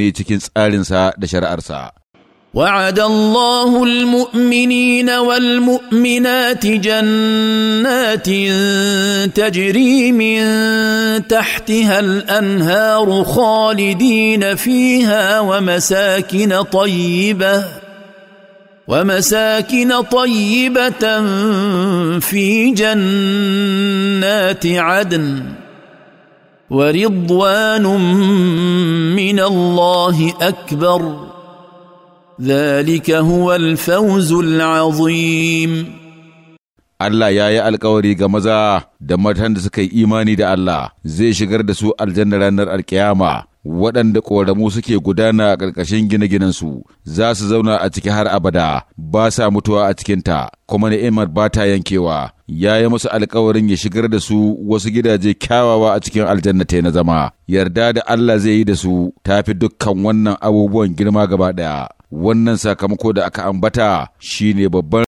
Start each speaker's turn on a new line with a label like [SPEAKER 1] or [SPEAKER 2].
[SPEAKER 1] cikin tsarinsa da shari'arsa.
[SPEAKER 2] وعد الله المؤمنين والمؤمنات جنات تجري من تحتها الانهار خالدين فيها ومساكن طيبه ومساكن طيبه في جنات عدن ورضوان من الله اكبر ذلك هو الفوز
[SPEAKER 1] العظيم الله يا يا القوري غمزا دمتان سكي ايماني دا الله زي شغر دسو الجنة رانر القيامة waɗanda ƙoramu suke gudana a ƙarƙashin gine-ginensu za su zauna a ciki har abada ba sa mutuwa a cikinta kuma ni'imar ba ta yankewa ya yi musu alkawarin ya shigar da su wasu gidaje kyawawa a cikin aljannata na zama yarda da Allah zai yi da su ta fi dukkan wannan abubuwan girma gaba ɗaya wannan sakamako da aka ambata shine babban